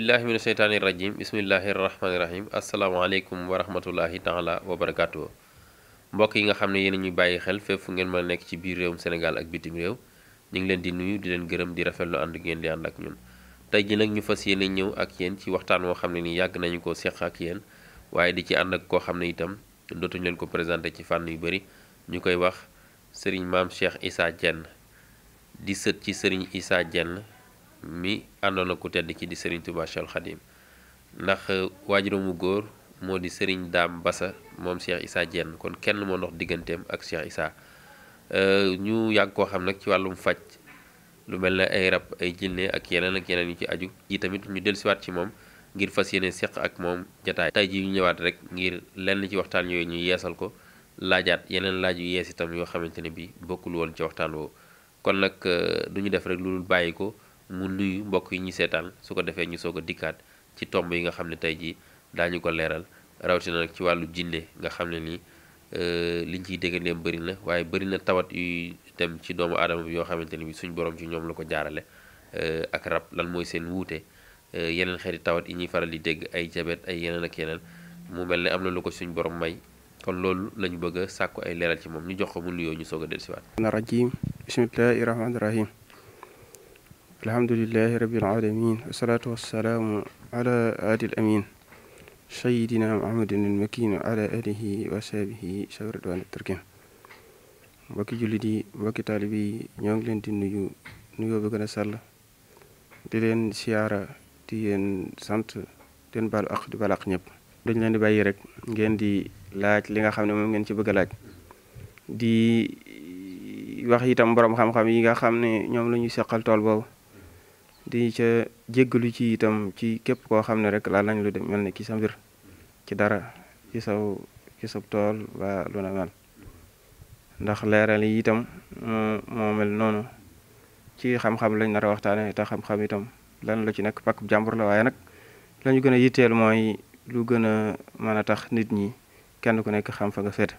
billahi mina sheytaani rajim bismillahi rahmaani rahim asalaamaaleykum wa rahmatullahi taala wa barakatuh mbokk yi nga xam ne yéen ñuy bàyyi xel fépp fu ngeen mën nekk ci biir réewum Sénégal ak bitim réew ñu ngi leen di nuyu di leen gërëm di rafetlu ànd ngeen di ànd ak ñun tey ji nag ñu fas yéene ñëw ak yéen ci waxtaan woo xam ne nii yàgg nañu ko seq ak yéen waaye di ci ànd ak koo xam ne itam dootuñu leen ko présenté ci fànn yu bëri ñu koy wax sëriñ maam Cheikh Issa Diène di sët ci sëriñ Issa Diène mi àndoon na ku tedd ki di Serigne Touba Cheikh Khadim ndax euh, waajuramu góor moo di Serigne daam Bassa moom Cheikh isaa Diène kon kenn moo ndox digganteem ak Cheikh Issa euh, ñu yàgg koo xam nag ci wàllum faj lu mel ne ay rab ay jinne ak yeneen ak yeneen yu ci aju yi tamit ñu dellusiwaat ci moom ngir fas yéene seq ak moom jataay tey ji ñu ñëwaat rek ngir lenn ci waxtaan yooyu ñu yeesal ko laajaat yeneen laaj yu yees itam yoo xamante ne bi bokkul woon ci waxtaan kon nag euh, du ñu def rek lu bàyyi ko mu nuyu mbokk yi ñu seetaan su ko defee ñu soog a dikkaat ci tomb yi nga xam ne tey ji daañu ko leeral rawatina nag ci wàllu jinne nga xam ne nii euh, liñ ciy déggandeem bëri na waaye bëri na tawat yuy dem ci doomu aadama bi yoo xamante ni bi suñ borom ci ñoom la ko jaarale euh, rab lan mooy seen wuute euh, yeneen xeeti tawat yi ñuy faral di dégg ay jabet ay yeneen ak yeneen mu mel ne am na suñ borom may kon loolu lañu bëgg a sàkku ay leeral ci moom ñu jox ko mu nuyoo ñu soog a dellusiwaat. na rajim alhamdulilahi rabbil alamin wasalaatu wassalaamu ala aadil amin sayidina muhammadin al makin wa ala alihi wa sahbihi shawridwan turkin mbokki jullit yi mbokki taalib yi ñoo ngi leen di nuyu nuyoo bi gën a sàll di leen siyaara di leen sant di leen baalu ak di baal ak ñëpp dañ leen di bàyyi rek ngeen di laaj li nga xam ne moom ngeen ci bëgg laaj di wax itam boroom xam-xam yi nga xam ne ñoom la ñuy seqal tool boobu di ca jéggalu ci itam ci képp koo xam ne rek laa lañ lu de mel ne ki sa mbir ci dara ci saw sab tool waa lu na mel ndax leeral yi itam moo mel noonu ci xam-xam lañ nar a waxtaane te xam-xam itam lan la ci nekk pak jàmbur la waaye nag lañu gën a yitteel mooy lu gën a mën a tax nit ñi kenn ku nekk xam fa nga féete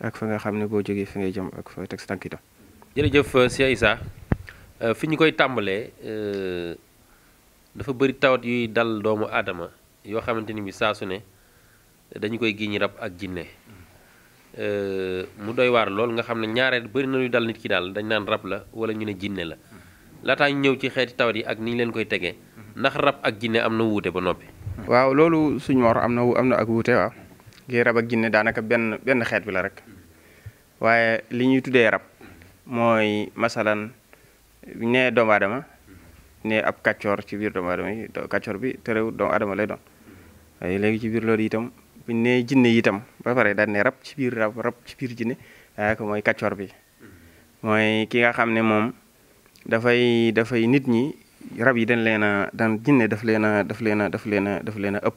ak fa nga xam ne boo jógee fa ngay jëm ak fa teg sa tànk itam jërëjëf Cheikh Issa Euh, fi ñu koy tàmbalee euh, dafa bari tawat yuy dal doomu aadama yoo xamante ni bi saa su ne dañu koy gii ñi rab ak jinne euh, mu dooy waar loolu nga xam ne ñaareel bëri na luy dal nit ki daal dañ naan rab la wala ñu ne jinne la laataa ñu ñëw ci xeeti tawat yi ak ni ñu leen koy tegee ndax rab ak jinne am na wuute ba noppi. waaw loolu suñu war am na am na ak wuute waaw gi rab ak jinne daanaka benn benn xeet bi la rek waaye li ñuy tuddee rab mooy masalan. nee doomu adama ne ab kàccoor ci biir doomu aadama yi kàccoor bi terewul doomu adama lay doon waaye léegi ci biir loolu itam bu nee jinne itam ba pare daal ne rab ci biir rab rab ci biir jinne daanaka mooy kàccoor bi mooy ki nga xam ne moom dafay dafay nit ñi rab yi dañ leen a dañ jinne daf leen a daf leen daf leen a daf leen a ëpp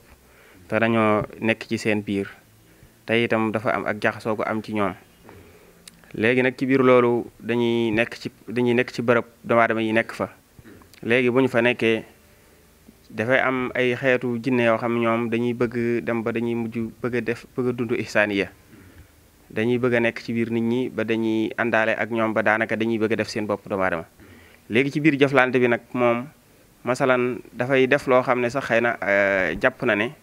te dañoo nekk ci seen biir te itam dafa am ak jaxasoo ko am ci ñoom léegi nag ci biir loolu dañuy nekk ci dañuy nekk ci bërëb doomu yi nekk fa léegi bu ñu fa nekkee dafay am ay xeetu jinne yoo xam ñoom dañuy bëgg dem ba dañuy mujj bëgg def bëgg a dund ihsaaniya dañuy bëgg nekk ci biir nit ñi ba dañuy àndaale ak ñoom ba daanaka dañuy bëgg a def seen bopp doomu léegi ci biir jëflante bi nag moom masalan dafay def loo xam ne sax xëy na euh, jàpp na ne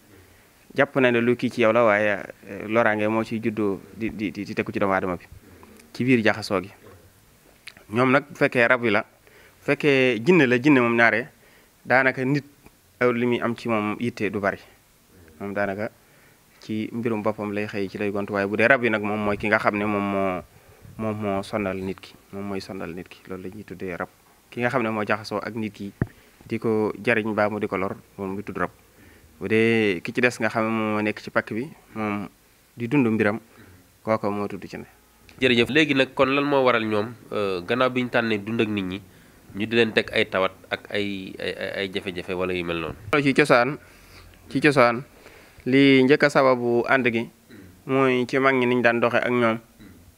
jàpp na ne lu kii ci yow la waaye euh, loraange moo ciy juddoo di di di tegu ci doomu bi ci biir jaxasoo gi ñoom nag bu fekkee rab wi la bu fekkee jinne la jinne moom ñaare daanaka nit aw li muy am ci moom yitte du bari moom daanaka ci mbirum boppam lay xëy ci lay gont waaye bu dee rab yi nag moom mooy ki nga xam ne moom moo moom moo sonal nit ki moom mooy sonal nit ki loolu la tuddee rab ki nga xam ne moo jaxasoo ak nit ki di ko jariñ baa mu di ko lor moom mi tudd rab bu dee ki ci des nga xam moo nekk ci pakk bi moom di dund mbiram kooka moo tudd ci ne jërëjëf léegi nag kon lan moo waral ñoom euh, gannaaw bi ñu tànnee dund ak nit ñi ñu di leen teg ay tawat ak ay ay ay jafe-jafe wala yu mel noonu. ci cosaan ci cosaan lii njëkk a ànd gi mooy ci mag ñi niñ daan doxee ak ñoom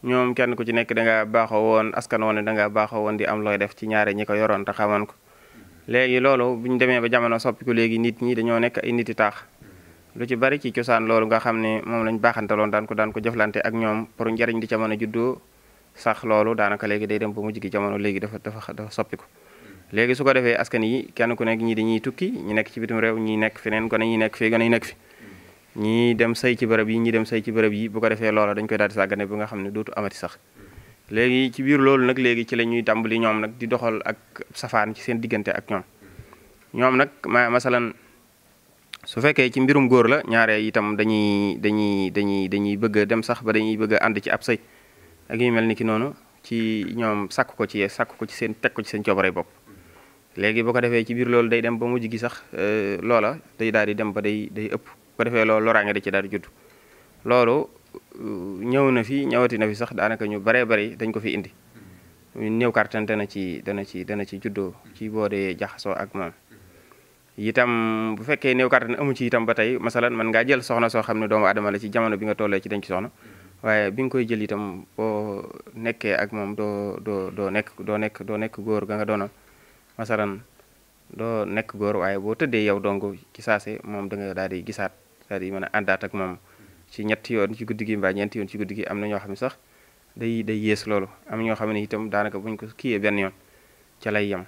ñoom kenn ku ci nekk dangaa baaxoo woon askan woon ne dangaa baaxoo woon di am looy def ci ñaare ñi ko yoroon te xamoon ko léegi loolu bu ñu demee ba jamono soppiku léegi nit ñi dañoo nekk ay niti taax lu ci bari ci cosaan loolu nga xam ne moom lañ baaxantaloon daan ko daan ko jëflante ak ñoom pour njariñ di ca juddoo sax loolu daanaka léegi day dem ba mujj gi jamono léegi dafa dafa dafa soppi ko léegi su ko defee askan yi kenn ku nekk ñii dañuy tukki ñi nekk ci bitim réew ñi nekk feneen gone ñi nekk fii gone yi nekk fi ñii dem say ci bërëb yi ñi dem say ci bërëb yi bu ko defee loola dañ koy daal di sàggane bi nga xam ne dootu amati sax léegi ci biir loolu nag léegi ci la ñuy tàmbali ñoom nag di doxal ak safaan ci seen diggante ak ñoom ñoom nag ma masalan su fekkee ci mbirum góor la ñaaree itam dañuy dañuy dañuy dañuy bëgg a dem sax ba dañuy bëgg a ànd ci ab sëy ak yu mel ni ki noonu ci ñoom sakk ko ci sàkk ko ci seen teg ko ci seen coobare bopp. léegi boo ko defee ci biir loolu day dem ba mujj gi sax euh, loola day daal di dem ba day day ëpp bu defee loolu loraange da ci daal di judd loolu euh, ñëw na fi ñëwati na fi sax daanaka ñu baree bari dañ ko fi indi néew kàttan dana ci dana ci dana ci juddoo ci boo dee jaxasoo ak moom. itam bu fekkee néew kàttan amu ci itam ba tey masalan man ngaa jël soxna soo xam ne doomu adama la ci jamono bi nga tollee ci denc soxna waaye bi nga koy jël itam boo nekkee ak moom doo doo doo nekk doo nekk doo nekk góor ga nga doona masalan doo nekk góor waaye boo tëddee yow dong ci saase moom da nga daal di gisaat daal di mën a àndaat ak moom ci ñetti yoon ci guddi gi mbaa ñeenti yoon ci guddi gi am na ñoo xam ne sax day day yées loolu am ñoo xam ne itam daanaka buñ ko kiiyee benn yoon ca lay yem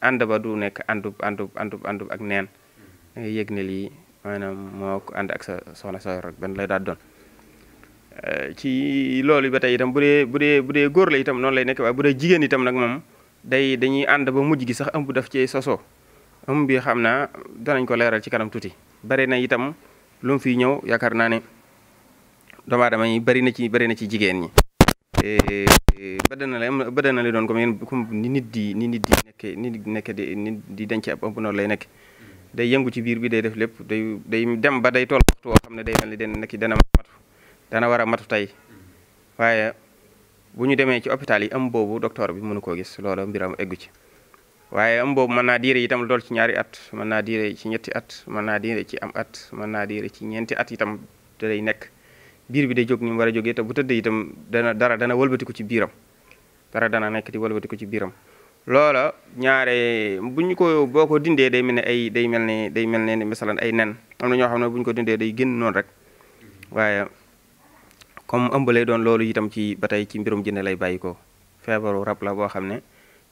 ànd ba du nekk àndub àndub àndub àndub ak neen da ngay yëg ne lii maanaam moo ko ànd ak sa soxna sa rek benn lay daal doon euh, ci loolu ba tey itam bu dee bu dee bu dee góor la itam noonu lay nekk waaye bu dee jigéen itam nag moom day dañuy ànd ba mujj gi sax ëmb daf cee sosoo ëmb bi xam naa danañ ko leeral ci kanam tuuti bari na itam lu mu fiy ñëw yaakaar naa ne doomu aadama yi bari na ci bari na ci jigéen ñi Eh, eh, badana la badana lay doon comme yéen comme ni nit di ni nit di nekkee ni nit di nekkee di nit di denc ab ëmb lay nekk mm-hmm. day yëngu ci biir bi day def lépp day day dem ba day toll waxtu xam ne day mel ni den nekk dana matu dana war a matu tey mm-hmm. waaye bu ñu demee ci hôpital yi am boobu docteur bi mënu koo gis loolu mbiram eggu ci waaye am boobu mën naa diire itam lu dool ci ñaari at mën naa diire ci ñetti at mën naa diire ci am at mën naa diire ci ñeenti at itam da lay nekk biir bi day jóg ni mu war a jógee te bu tëddee itam dana dara dana wëlbatiku ci biiram dara dana nekk di wëlbatiku ci biiram loola ñaare bu ñu ko boo ko dindee day mel ne ay day mel ne day mel ne misalan ay nen am na ñoo xam ne buñ ko dindee day génn noon rek waaye comme ëmb doon loolu itam ci ba tey ci mbirum jinne lay bàyyi feebaru rab la boo xam ne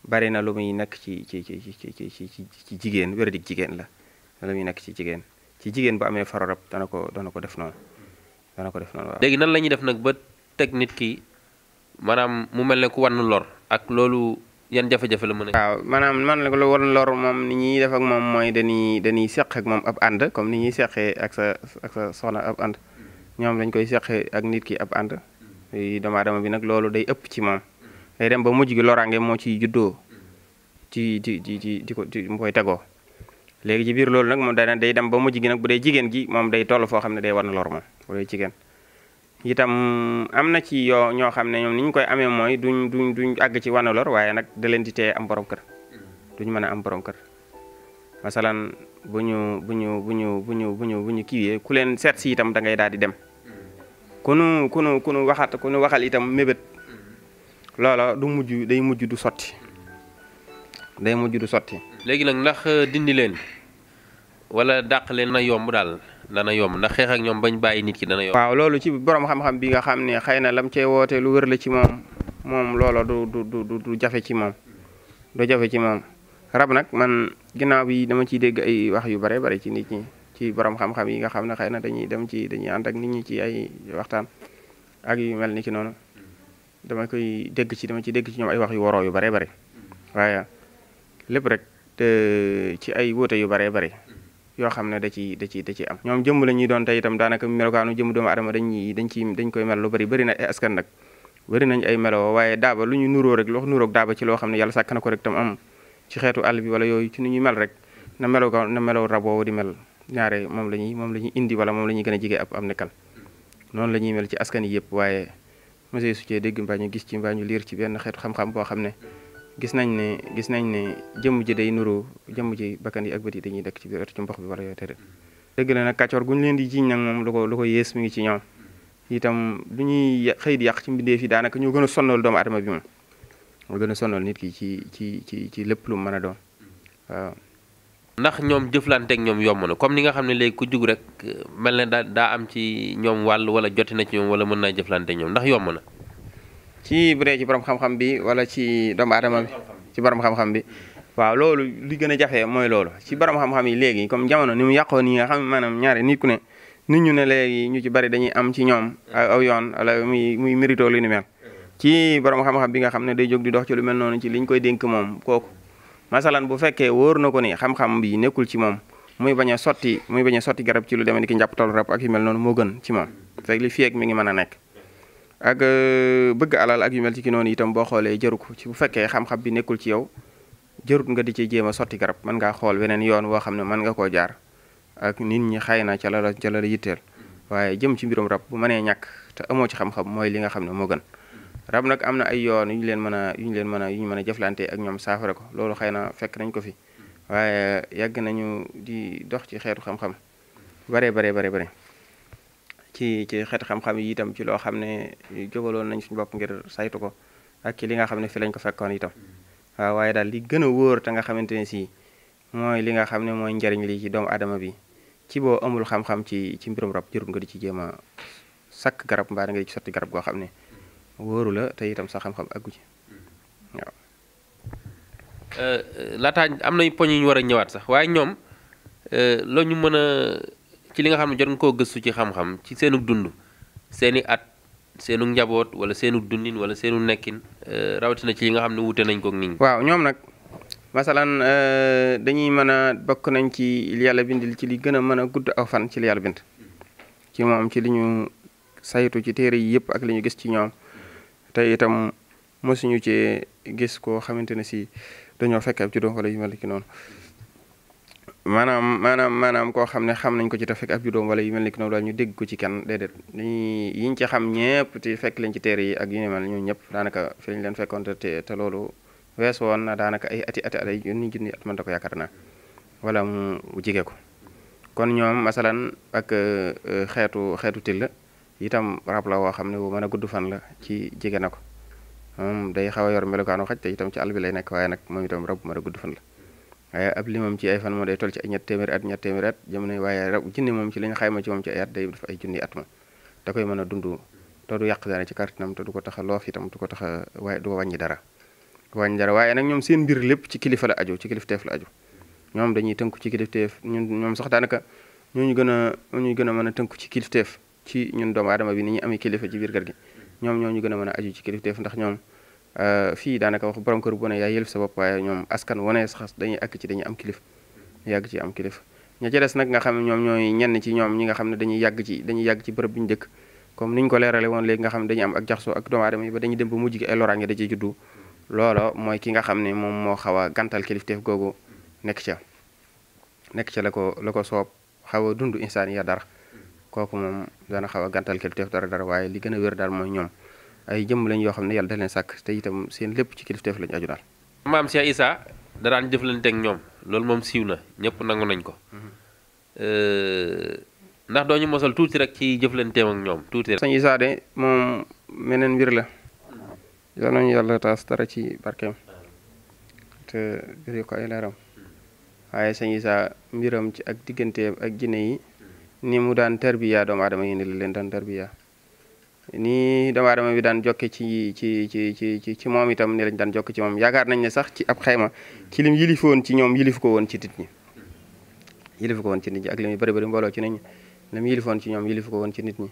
bari na lu muy nekk ci ci ci ci ci ci jigéen wér-dig jigéen la lu muy nekk ci jigéen ci jigéen bu amee faru rab dana ko dana ko def noonu dana ko def léegi nan la ñuy def nag ba teg nit ki maanaam mu mel ne ku war na lor ak loolu yan jafe-jafe la mën a. waaw maanaam man la war na lor moom ni ñuy def ak moom mooy dañuy dañuy seq ak moom ab ànd comme ni ñuy seqee ak sa ak sa ñoom dañ koy seqee ak nit ki ab ànd doomu bi nag loolu day ëpp ci moom day dem ba mujj gi loraange moo ciy juddoo ci ci di ko ci mu koy tegoo. léegi ci biir loolu nag moom dana day dem ba mujj gi nag bu dee jigéen gi moom day toll foo xam ne day war na lor moom bu dee jigéen itam am na ci yoo ñoo xam ne ñoom ni ñu koy amee mooy duñ duñ àgg ci wana lor waaye nag da leen di tee am borom kër duñ mën a am borom kër masalan bu ñu bu ñu bu ñu bu ñu bu ñu bu ñu kiiwee ku leen seet si itam dangay ngay daal di dem ku nu ku nu ku nu waxaat ku nu waxal itam mébét loolo du mujj day mujj du sotti day mujj du sotti léegi nag ndax dindi leen wala dàq leen na yomb daal dana yomb ndax xeex ak ñoom bañ bàyyi nit ki dana yomb. waaw loolu ci borom xam-xam bi nga xam ne xëy na lam cee wootee lu wër la ci moom moom loola du jafe ci moom du jafe ci moom rab nag man ginnaaw bi dama ciy dégg ay wax yu bare bare ci nit ñi ci borom xam yi nga xam ne xëy na dañuy dem ci dañuy ànd ak nit ñi ci ay waxtaan ak yu mel ni noonu dama koy dégg ci dama ciy dégg ci ñoom ay wax yu waroo yu bare bare waaye lépp rek ci ay wóote yu bare bare yoo xam ne da ci da ci da ci am ñoom jëmm la ñuy doon tey itam daanaka melokaanu jëmm doomu adama dañuy dañ ci dañ koy mel lu bari bari na ay askan nag bari nañ ay melo waaye daaba lu ñu nuroo rek loo nuróog daaba ci loo xam ne yàlla sàkk na ko rek tam am ci xeetu àll bi wala yooyu ci nu ñuy mel rek na melo na melo raboo di mel ñaare moom la ñuy moom la indi wala moom la ñuy gën a jege ab am nekkal noonu la ñuy mel ci askan yi yëpp waaye monsieur Soucé dégg mbaa ñu gis ci mbaa liir ci benn xeetu xam boo xam ne gis nañ ne gis nañ ne jëmm ji day nuroo jëmm ji bakkan yi ak bët yi dañuy dekk ci biir ci mbox bi wala yooyu tëdd dëgg la nag kàccoor gu ñu leen di jiñ nag moom lu ko lu ko yées mu ngi ci ñoom itam lu ñuy xëy di yàq ci mbindeef yi daanaka ñoo gën a sonal doomu adama bi moo gën a sonal nit ki ci ci ci ci lépp lu mën a doon waaw ndax ñoom jëflanteeg ñoom yomb na comme ni nga xam ne léegi ku jug rek mel ne daa daa am ci ñoom wàll wala joti na ci ñoom wala mën naa jëflanteeg ñoom ndax yomb na ci bu ci borom xam-xam bi wala ci doomu aadama bi ci borom xam-xam bi waaw loolu li gën a jafe mooy loolu ci borom xam-xam yi léegi comme jamono ni mu yàqoo ni nga xam maanaam ñaari nit ku ne nit ñu ne léegi ñu ci bari dañuy am ci ñoom aw yoon wala muy muy mérito lu ni mel ci borom xam-xam bi nga xam ne day jóg di dox ci lu mel noonu ci liñ koy dénk moom kooku masalan bu fekkee woor na ko ni xam-xam bi nekkul ci moom muy bañ a sotti muy bañ a sotti garab ci lu demee ni ki njàpp tollu rab yu mel noonu moo gën ci moom fekk li mi ngi mën a nekk ak euh, bëgg alal ak yu mel ci ki noonu itam boo xoolee jaru ko ci bu fekkee xam-xam bi nekkul ci yow jarut nga di ci jéem a sotti garab mën ngaa xool weneen yoon woo xam ne mën nga koo jaar ak nit ñi xay na ca la la ca yitteel waaye jëm ci mbirum rab bu manee ñàkk te amoo ci xam-xam mooy li nga xam ne moo gën rab nag am na ay yoon yu ñu leen mën a yu ñu leen mën a yu ñu mën a jëflante ak ñoom saafara ko loolu xëy na fekk nañ ko fi waaye yàgg nañu di dox ci xeetu xam-xam bare bare bare bare ci xeet xam-xam yi itam ci loo xam ne jógaloon nañ suñu bopp ngir saytu ko ak ci li nga xam ne fi lañ ko fekkoon itam waaw waaye daal li gën a wóor te nga xamante ne si mooy li nga xam ne mooy njariñ li ci doomu adama bi ci boo amul xam-xam ci ci mbirum rab jërul nga di ci jéem a sakk garab mbaa nga di ci sotti garab goo xam ne wóoru la te itam sax xam-xam àggu ci waaw. Euh, euh, laataa am nañ poñ yu ñu war a ñëwaat sax waaye ñoom euh, la ñu mën ci li nga xam ne jot nga koo gëstu ci xam-xam ci seenu dund seeni at seenu njaboot wala seenu dundin wala seenu nekkin euh, rawatina ci li nga xam ne wuute nañ ko nit waaw ñoom nag masalan euh, dañuy mën a bokk nañ ci li yàlla bindil ci li gën a mën a gudd aw fan ci li yàlla bind ci moom ci li ñu saytu ci téere yi yëpp ak li ñu gis ci ñoom te itam mosuñu ci gis koo xamante ne si dañoo fekk ab juddoo wala yu mel ki noonu. maanaam maanaam maanaam koo xam ne xam nañ ko ci te fekk ab judóom wala yu mel ni ki noonu daal ñu dégg ko ci kenn déedéet dañuy yiñ ci xam ñëpp te fekk lañ ci teer yi ak yu ne mel ñun ñëpp daanaka fi leen fekkoon te te loolu woon na daanaka ay ati at ay junni junni at mën da wala mu jige ko kon ñoom masalan ak e, xeetu xeetu till itam rab la woo xam ne bu mën a gudd fan la ci jige na ko moom day xaw a yor melokaanu xaj te itam ci àll bi lay nekk waaye nag moom itam rab bu mën a gudd fan la waaye ab limam ci ay fan moo day toll ci ay ñett téeméeri at ñett téeméeri at jamono waaye raw jinne moom ci li ñu xayma ci moom ci ay at day def ay junni at moom da koy mën a dund te yàq dara ci kàttanam te du ko tax a loof itam du ko tax waaye du ko dara wàññi dara waaye nag ñoom seen mbir lépp ci kilifa la ajo ci kilifteef la ajo ñoom dañuy tënku ci kilifteef ñun ñoom sax daanaka ñooñu gën a ñooñu gën a mën a tënku ci kilifteef ci ñun doom aadama bi ni ñuy amee kilifa ci biir kër gi ñoom ñooñu gën a mën a aju ci kilifteef ndax ñoom Euh, fii daanaka wax borom kër bu ne yaa yëlif sa bopp waaye ñoom askan wane sax dañuy àkk ci dañuy am kilif yàgg ci am kilif ña ca des nag nga xam ne ñoom ñooy ñenn ci ñoom ñi nga xam ne dañuy yàgg ci dañuy yàgg ci bërëb bi ñu dëkk comme niñ ko leerale woon léegi nga xam ne dañuy am ak jaxasoo ak doomu aadama yi ba dañuy dem ba mujj gi ay loraange da juddu loolo mooy ki nga xam ne moom moo xaw a gàntal kilifteef googu nekk ca nekk ca la ko la ko soob xaw a dund insaan ya kooku moom dana xaw a gàntal kilifteef dara dara waaye li gën a wér daal mooy ñoom ay jëmm lañ yoo xam ne yàlla da sàkk te itam seen lépp ci kilifteef lañ aju daal. maam Cheikh Issa da daan jëflanteeg ñoom loolu moom siiw na ñëpp nangu nañ ko. Mhm. ndax doo ñu mosal tuuti rek ci jëflanteem ak ñoom tuuti rek. sëñ Issa de moom meneen mbir la. yal nañu yàlla taas dara ci barkeem. te biri ko ay leeram waaye sëñ Issa mbiram ci ak digganteem ak jinne yi ni mu daan tarbiyaa doomu aadama yi ni la leen daan tarbiyaa nii doomu aadama bi daan jokke ci ci ci ci ci moom itam ne lañ daan jokke ci moom yaakaar nañ ne sax ci ab xayma ci lim yilifoon ci ñoom yilif ko woon ci nit ñi yilif ko woon ak li muy bëri bëri ci nit ñi lim ci ñoom yilif ko woon ci nit ñi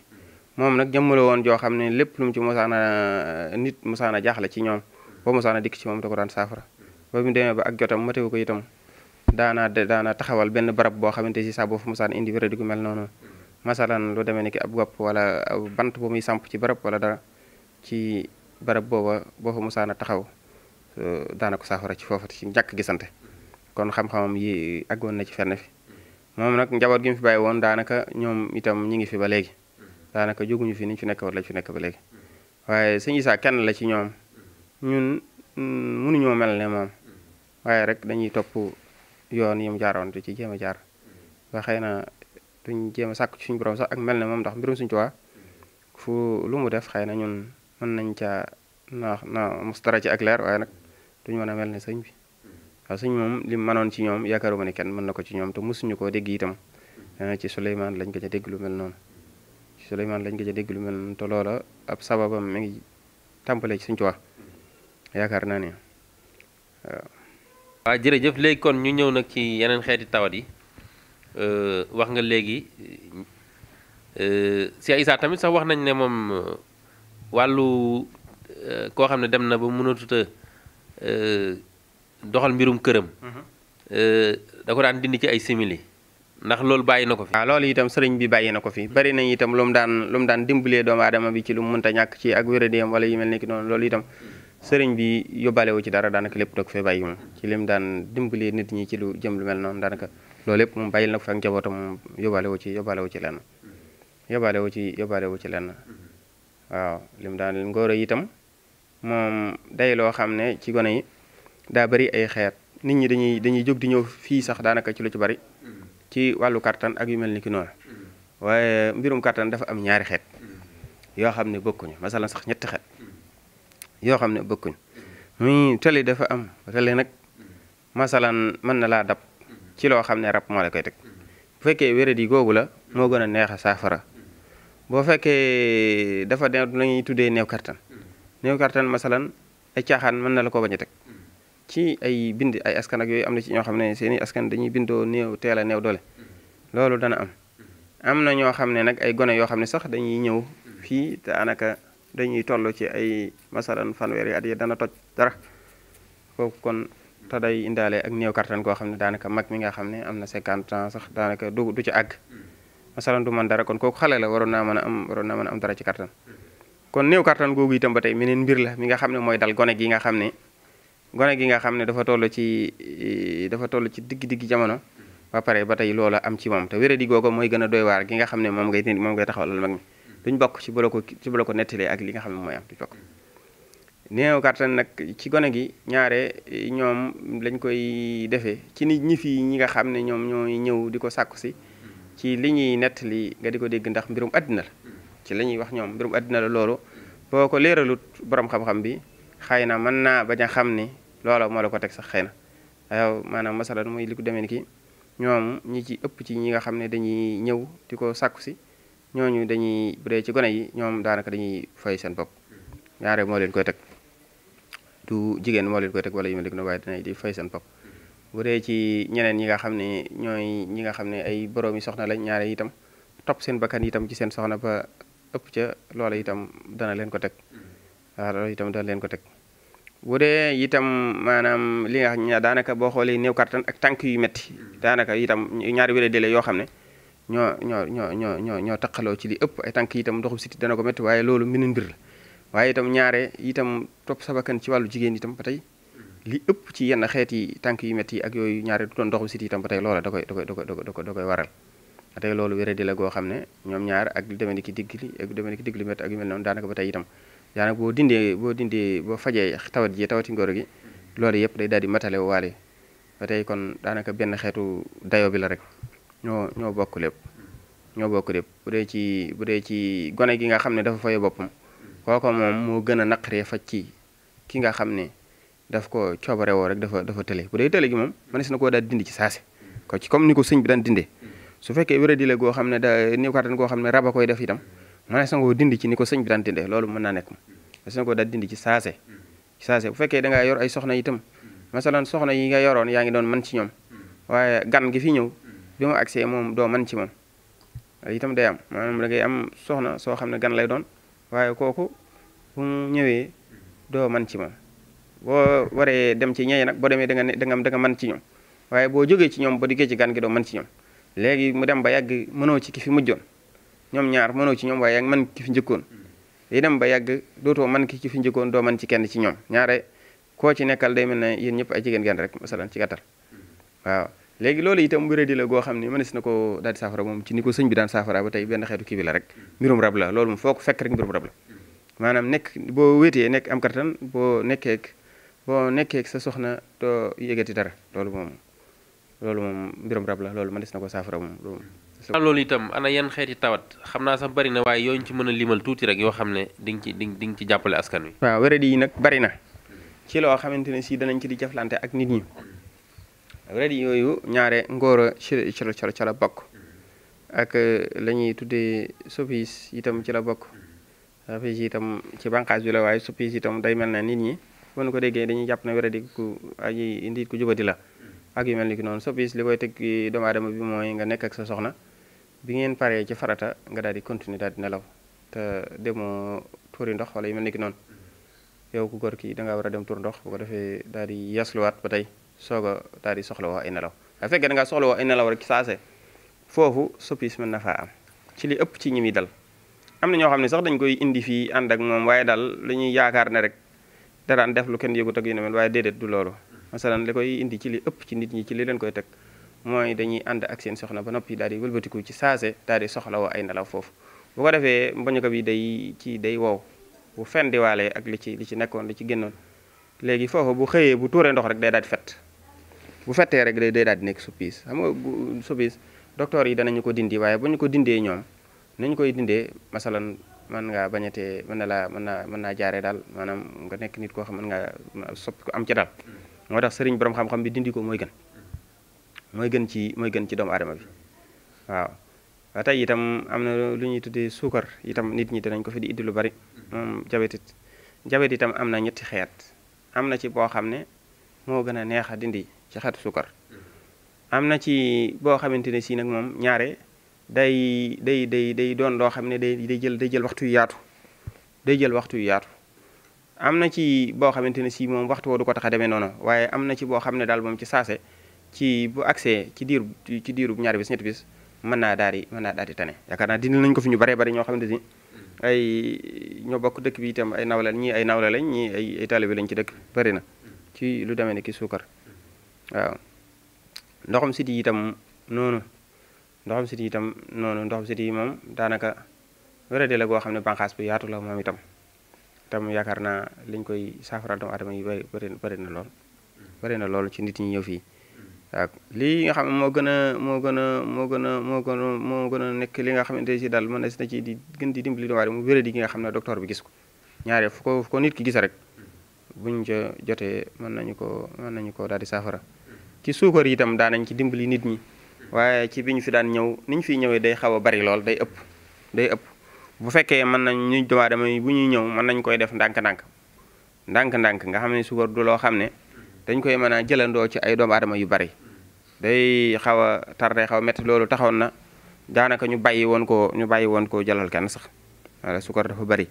moom nag jëmmala woon joo xam ne lépp lu ci ci a nit mosaana jaaxle ci ñoom boo mosaana dikk ci moom da ko daan saafara ba mu demee ba ak jotam matewu ko itam daanaa taxawal benn barab boo xamante si saa boo fa mosaan indi wéradi gu mel noonu masalan lu demee ni ki ab gopp wala bant bu muy samp ci barab wala dara ci barab booba boo fa musaana taxaw daana ko saafara ci foofa ci jàkk gisante kon xam-xamam yi àggoon na ci fenn fi moom nag njaboot gi mu fi bàyyi woon daanaka ñoom itam ñi ngi fi ba léegi daanaka jóguñu fi ni fi nekk war lañ fi nekk ba léegi waaye sëñ Isaa kenn la ci ñoom ñun mënuñoo mm, mel ne moom waaye rek dañuy topp yoon yi mu jaaroon te ci jéem a jaar ba suñ jéem a sàkk ci suñu borom sax ak mel ne moom ndax mbirum suñu Tuubaa fu lu mu def xëy na ñun mën nañ ca naax na mustara ci ak leer waaye nag duñu mën a mel ne sëñ bi waa sëñ moom li manoon ci ñoom yaakaaruma ne kenn mën na ko ci ñoom te mosuñu koo dégg itam eh, ci Souleymane lañ ko ca dégg lu mel noonu ci Souleymane lañ ko ca dégg lu mel noonu te loola ab sababam mi ngi tàmbalee ci suñu Tuubaa yaakaar naa ne waaw. waaw jërëjëf léegi kon ñu ñëw nag ci yeneen xeeti tawat yi. Euh, wax nga léegi Cheikh Issa tamit sax wax nañ ne moom euh, wàllu euh, koo xam ne dem na ba mënatut a doxal mbirum këram. Mhm. da ko daan dindi ci ay simili. ndax loolu bàyyi na ko fi. waaw ah, loolu itam sëriñ bi bàyyi na ko fi bari nañ itam lu mu daan lu mu daan dimbalee doomu aadama bi ci lu mu mënta ñàkk ci ak wéradiyam wala yu mel ni noonu loolu itam sëriñ bi yóbbaale ci dara daanaka lépp da fee bàyyi moom ci lim daan dimbalee nit ñi ci lu jëm lu mel noonu daanaka. loolu yëpp moom bàyyil na fa ak njabootam moom yóbbaale wu ci yóbbaale wu ci lenn ci yóbbaale lenn waaw lim daan ngóor yi itam moom day loo xam ne ci gone yi daa bari ay xeet nit ñi dañuy dañuy jóg di ñëw fii sax daanaka ci lu ci bari ci wàllu kartan ak yu mel ni ki noonu waaye mbirum kartan dafa am ñaari xeet yoo xam ne bokkuñu masalan sax ñetti xet yoo xam ne bëkkuñ muy tele dafa am tele nag masalan mën na laa dab. ci loo xam ne rab moo la koy teg bu fekkee wéradi googu la moo gën a neex a saafara boo fekkee dafa de lañuy tuddee néew kartan néew kartan masalan ay caaxaan mën na la ko bañ a teg ci ay bind ay askan ak yooyu am na ci ñoo xam ne seeni askan dañuy bindoo néew teel a néew doole loolu dana am am na ñoo xam ne nag ay gone yoo xam ne sax dañuy ñëw fii te anaka dañuy toll ci ay masalan fanweeri at yi dana toj dara kooku kon te day indaale ak néew kattan koo xam ne daanaka mag mi nga xam ne am na 50 ans sax daanaka du du ci àgg masalan du man dara kon kooku xale la waroon naa mën a am waroon naa mën am dara ci kattan kon néew kattan googu itam ba tey meneen mbir la mi nga xam ne mooy dal gone gi nga xam ne gone gi nga xam ne dafa toll ci dafa toll ci digg-digg jamono ba pare ba tey am ci moom te wéré di googu mooy gën a doy waar gi nga xam ne moom ngay moom ngay taxawalal mag mi duñ bokk ci bu la ko ci bu ak li nga xam ne mooy am duñ bokk néew kàttan nag ci gone gi ñaare eh, ñoom lañ koy defee ci nit ñi fii ñi nga xam ne ñoom ñooy ñëw di ko sàkku si ci li ñuy nett nga di ko dégg ndax mbirum àddina la ci la ñuy wax ñoom mbirum àddina la loolu boo ko leeralut borom xam-xam bi xëy na mën naa bañ a xam ni loola moo la ko teg sax xëy na yow maanaam masalan muy li ko demee ni ki ñoom ñi ci ëpp ci ñi nga xam ne dañuy ñëw di ko sakku si ñooñu dañuy bu dee ci gone yi ñoom daanaka dañuy fay seen bopp ñaare moo leen koy teg du jigéen moo ko koy teg wala yu mel ni waaye dinañ di fay seen bopp bu dee ci ñeneen ñi nga xam ne ñooy ñi nga xam ne ay boroomi soxna lañ ñaare itam topp seen bakkan itam ci seen soxna ba ëpp ca loola itam dana leen ko teg waaw loolu itam leen ko teg bu dee itam maanaam li nga daanaka boo xoolee néew kattan ak tànk yu metti daanaka itam ñaari wéré délai yoo xam ne ñoo ñoo ñoo ñoo ñoo ñoo taqaloo ci li ëpp ay tànk itam ndoxum siti dana ko métti waaye loolu mbinu mbir la waaye itam ñaare itam topp sa bakkan ci wàllu jigéen itam ba tey li ëpp ci yenn xeeti tànk yu métti ak yooyu ñaare du doon doxu siti itam ba tey loola da koy da koy da koy da koy waral ba tey la goo xam ne ñoom ñaar ak lu ki digg li ak ki digg li métti ak yu mel ba tey itam daanaka boo dindee boo dindee boo fajee tawat ji tawati gi loolu yëpp day daal di matale waale ba tey kon daanaka benn xeetu dayo bi la rek ñoo ñoo bokk lépp ñoo bokk lépp bu dee ci bu dee ci gone gi nga xam ne dafa faye boppam kooko moom moo gën a naqaree faj ci ki nga xam ne daf ko coobare woo rek dafa dafa tële bu dee tële gi moom mënees na koo daal dindi ci saasi ko ci comme ni ko sëñ bi daan dindee su fekkee wéradi la goo xam ne da néew kàttan goo xam ne rab koy def itam mënees na koo dindi ci ni ko sëñ bi daan dindee loolu mën naa nekk moom mënees na koo daal dindi ci saase ci saase bu fekkee da ngaa yor ay soxna itam masalan soxna yi nga yoroon yaa ngi doon mën ci ñoom waaye gan gi fi ñëw bi mu agsee moom doo man ci moom itam day am maanaam da ngay am soxna soo xam ne gan lay doon waaye kooku bu ñëwee doo man ci ma boo waree dem ci ñee nag boo demee da nga ne da nga da nga man ci ñoom waaye boo jógee ci ñoom ba dikkee ci gan ki doo man ci ñoom léegi mu dem ba yàgg mënoo ci ki fi mujjoon ñoom ñaar mënoo ci ñoom waaye yàgg man ki fi njëkkoon yi dem ba yàgg dootoo man ki ki fi njëkkoon doo man ci kenn ci ñoom ñaare koo ci nekkal day mel ne yéen ñëpp ay jigéen gan rek masalan ci gàttal waaw léegi loolu itam wéradi la goo xam ne mënees na ko daal di saafara moom ci ni ko sëñ bi daan saafara ba tey benn xeetu kii bi rek mbirum rab la loolu moom foo ko fekk rek mbirum rab la maanaam nekk boo wéetee nekk am kattan boo nekkee boo nekkee sa soxna doo yëgati loolu moom loolu moom mbirum rab la loolu mënees na ko saafara moom loolu loolu itam ana yan xeeti tawat xam naa sax bari na waaye yooyu ñu ci mën a limal tuuti rek yoo xam ne di nga ci di di nga ci jàppale askan wi waaw wéradi yi nag bari na ci loo xamante ne si danañ ci di jaflante ak nit ñi rëdd yooyu ñaare ngóor a ci ci la la bokk ak euh, la ñuy tuddee sopis itam ci la bokk sopis yitam ci bànqaas bi la waaye sopis itam day mel na nit ñi mën ko déggee dañuy jàpp ne wéradi ku aji nit ku jubati la ak yu mel ni ki noonu sopis li koy teg euh, doomu aadama bi mooy nga nekk ak sa soxna bi ngeen paree ci farata nga daal di continuer daal di nelaw te demoo tuuri ndox wala yu mel ni ki noonu yow ku góor ki da ngaa war a dem tuur ndox bu ko defee daal di yasluwaat ba tey soog a daal soxla woo ay nelaw bu fekkee da soxla wo ay nelaw rek saase foofu soppis mën na faa am ci li ëpp ci ñi muy dal am na ñoo xam ne sax dañ koy indi fii ànd ak moom waaye daal li ñuy yaakaar ne rek daraan def lu kenn yëgut ak yu ne mel waaye déedéet du loolu masalan li koy indi ci li ëpp ci nit ñi ci li leen koy teg mooy dañuy ànd ak seen soxna ba noppi daal di wëlbatiku ci saase daal di soxla woo ay nelaw foofu bu ko defee mbañu ko bi day ci day wow bu fendiwaalee ak li ci li ci nekkoon li ci génnoon léegi foofu bu xëyee bu tuuree ndox rek day daal di bu fetee rek day daal di nekk suppiis xam nga suppiis docteur yi danañu ko dindi waaye bu ñu ko dindee ñoom nañ koy dindee masalan mën ngaa bañatee mën na laa mën naa mën naa jaaree daal maanaam nga nekk nit koo xam mën ngaa soppi ko am ca daal moo tax sëriñ borom xam bi dindi ko mooy gën mooy gën ci mooy gën ci doomu aadama bi waaw ba itam am na lu ñuy tuddee suukar itam nit ñi danañ ko fi di lu bari moom jabetit itam am na ñetti xeet am na ci boo xam ne moo gën a neexa dindi ci xeetu sukar am na ci boo xamante ne si nag moom ñaare day day day day doon loo xam ne day day jël day jël waxtu yu yaatu day jël waxtu yu yaatu am na ci boo xamante ne si moom waxtu woo du ko tax demee noonu waaye am na ci boo xam ne daal moom ci saase ci bu accès ci diir ci diiru ñaari bis ñetti bis mën naa daal di mën naa daal di tane yaakaar naa dindi nañ ko fi ñu baree bari ñoo xamante ni ay ñoo bokk dëkk bi itam ay nawle ñii ay nawle lañ ñii ay ay taalibe lañ ci dëkk bari na ci lu demee ne ki suukar waaw ndoxum siti yi noonu ndoxum siti yi noonu ndoxum siti moom danaka wéradi la goo xam ne banqaas bi yaatu la moom itam tam yaakaar naa liñ koy saafaraal doomu adama yi bari bari na lool bari na lool ci nit ñi ñëw fii waaw lii nga xam moo gën a moo gën a moo gën a moo gën moo gën a nekk li nga xamante si daal mën na ci di gën di dimbali doomu adama mu wéradi gi nga xam ne docteur bi gis ko ñaare fu ko nit ki gis rek buñ ca jotee mën nañu ko mën nañu ko daal di saafara ci suukar itam daanañ ci dimbali nit ñi waaye ci bi ñu fi daan ñëw ni ñu fiy ñëwee day xaw a bari lool day ëpp day ëpp bu fekkee mën nañ ñu doomaa dama bu ñuy ñëw mën nañ koy def ndànk-ndànk ndànk-ndànk nga xam ne suukar loo xam ne dañ koy mën a jëlandoo ci ay doomu aadama yu bari day xaw a tardé xaw a loolu taxoon na daanaka ñu bàyyi woon koo ñu bàyyi woon koo jëlal kenn sax suukar dafa bari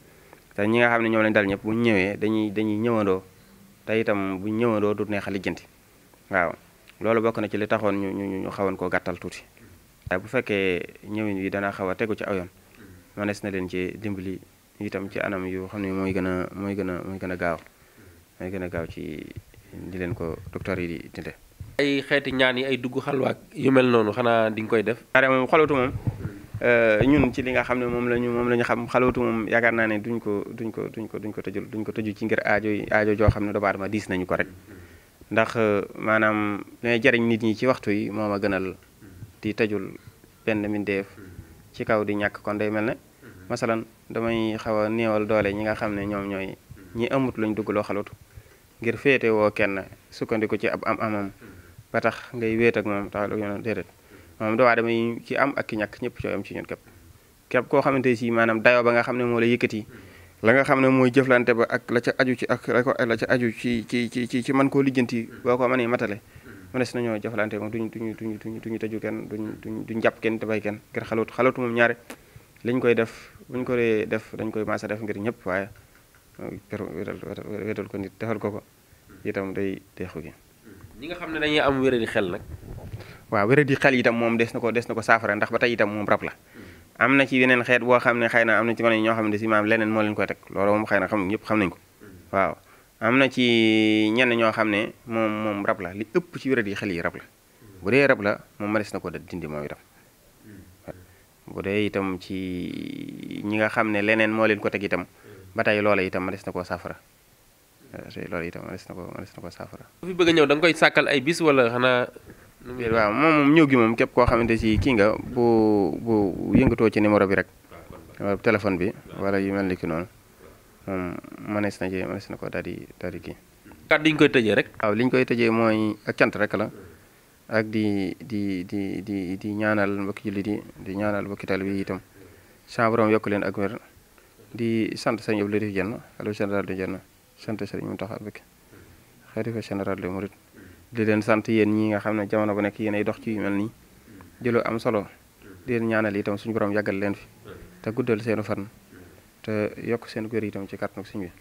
te ñi nga xam ne ñoom lañ dal ñëpp bu ñëwee dañuy dañuy ñëwandoo te itam bu ñu ñëwandoo du neex a lijjanti waaw loolu bokk na ci li taxoon ñu ñu ñu xawoon koo gàttal tuuti waaye bu fekkee ñëwin wi danaa xaw a tegu ci aw yoon mënees na leen ci dimbali itam ci anam yu xam ne mooy gën a mooy gën a mooy gën a gaaw mooy gën a gaaw ci di leen ko docteur yi di dinde ay xeeti ñaan yi ay dugg xalwaak yu mel noonu xanaa di koy def xare moom xalwatu moom euh, ñun ci li nga xam ne moom la ñu moom la ñu xam xalwatu yaakaar naa ne duñ ko duñ ko duñ ko duñ ko tëjul duñ ko tëju ci ngir aajo yi aajo joo xam ne doomu aadama diis nañu ko rek ndax euh, maanaam li jariñ nit ñi ci waxtu yi moo ma gënal di tëjul benn mbindeef ci kaw di ñàkk kon day mel ne masalan damay xaw a néewal doole ñi nga xam ne ñoom ñooy ñi amut luñ dugg loo xalut ngir féete woo kenn sukkandiku ci ab am amam ba tax ngay wéet ak moom taxal yoon déedéet damay ci am ak ki ñàkk ñëpp cooy am ci ñun képp képp koo xamante si maanaam dayoo ba nga xam ne moo la yëkkati la nga xam ne mooy jëflante ba ak la ca aju ci ak la ca aju ci ci ci ci ci man koo lijjanti boo ko mënee matale mënees nañoo jëflante moom duñ ñu duñ duñ duñu tëju kenn duñ ken duñ jàpp kenn te bay kenn ngir xalootu xalootu moom ñaare liñ koy def buñ ko dee def dañ koy maasa def ngir ñëpp waaye wéetal ko nit defal ko ko itam day day xugi nga xam ne dañuy am wéradi xel nag waaw wéradi xel itam moom des na ko des na ko saafara ndax ba tey itam moom rab la am na ci yeneen xeet boo xam ne xëy am na ci mën ñoo xam ne si maam leneen moo leen teg loolu moom xëy na ko waaw am ñenn ñoo xam ne moom moom rab la li ëpp ci wérat yi xel yi rab la bu dee rab la moom maris na ko dindi moom itam bu itam ci ñi nga xam ne leneen moo leen ko teg itam ba tey loola itam maris na koo saafara loolu itam maris na ko maris na saafara. fi bëgg ñëw da koy sàkkal ay bis wala xanaa waaw moom moom ñëw gi moom képp koo xamante si kii nga bu bu yëngatoo ci numéro bi rek wala téléphone bi wala yu mel ni ki noonu moom mënees na ci ko daal di daal di kii. yi ñu tëjee rek. waaw li koy tëjee mooy ak rek la ak di di di di di ñaanal mbokki jullit yi di ñaanal mbokki taalibe yi itam saa yokk leen ak di sant sëñ Abdou Latif Diène xalifa général de Diène sant sëriñ Mountakha Mbacké xalifa di leen sant yéen ñi nga xam ne jamono bu nekk yéen ay dox ci yu mel nii di lu am solo di leen ñaanal itam suñu borom yaggal leen fi te guddal seenu fan te yokk seen góor yitam ci kàttanu suñu bi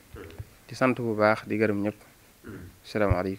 di sant bu baax di gërëm ñëpp salaamaaleykum